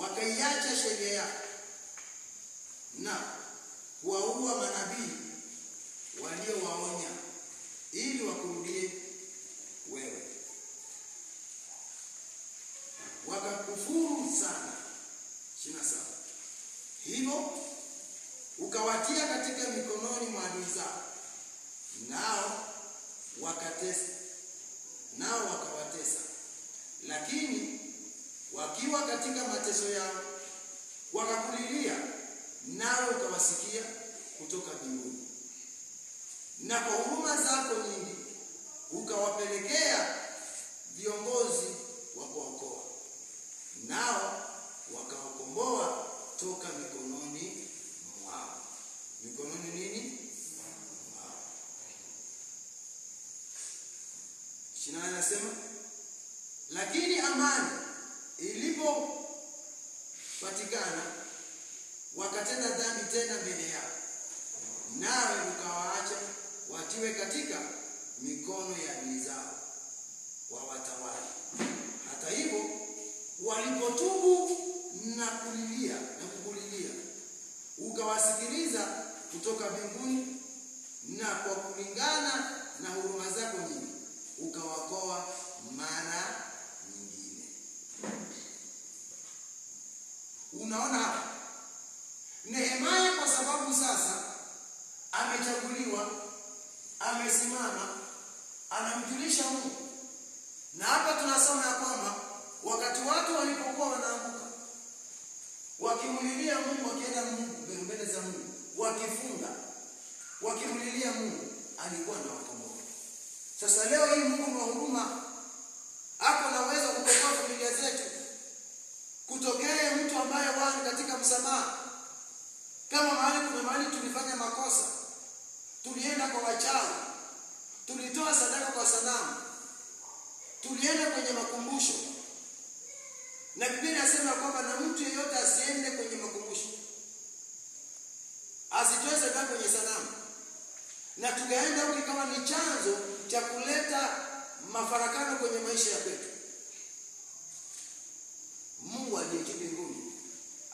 wakaiacha sheria yako na kuwaua manabii waliowaonya ili wakurudie wewe, wakakufuru sana. ishirini na saba hivyo ukawatia katika mikononi mwa adui zao, nao wakatesa yao wakakulilia nawe ukawasikia kutoka mbinguni, na kwa huruma zako nyingi ukawapelekea viongozi wa kuokoa, nao wakawakomboa toka mikononi mwao. Mikononi nini? Mwao. anasema lakini amani ilipo patikana wakatenda dhambi tena mbele yao, nawe ukawaacha watiwe katika mikono ya adui zao watawali Hata hivyo, walipotubu na kulilia na kukulilia, ukawasikiliza kutoka mbinguni, na kwa kulingana na huruma zako nyingi ukawakoa mara Unaona hapa Nehemia, kwa sababu sasa amechaguliwa, amesimama, anamjulisha Mungu, na hapa tunasoma ya kwamba wakati watu walipokuwa wanaanguka wakimulilia Mungu, wakienda Mungu mbele za Mungu, wakifunga, wakimlilia Mungu, alikuwa na wakomboa. Sasa leo hii Mungu wa huruma tulienda kwa wachawi, tulitoa sadaka kwa sanamu, tulienda kwenye makumbusho, na Biblia inasema kwamba na mtu yeyote asiende kwenye makumbusho, asitoe sadaka kwenye sanamu, na tukaenda huko, kama ni chanzo cha kuleta mafarakano kwenye maisha ya kwetu. Mungu aliye mbinguni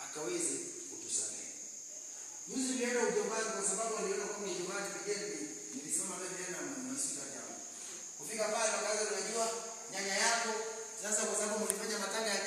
akaweze Juzi nilienda Ujombani kwa sababu aliona kwamba Ujombani wikendi nilisema leo nenda mnasuka jamaa. Kufika pale wakaanza, unajua nyanya yako sasa, kwa sababu mlifanya matanga ya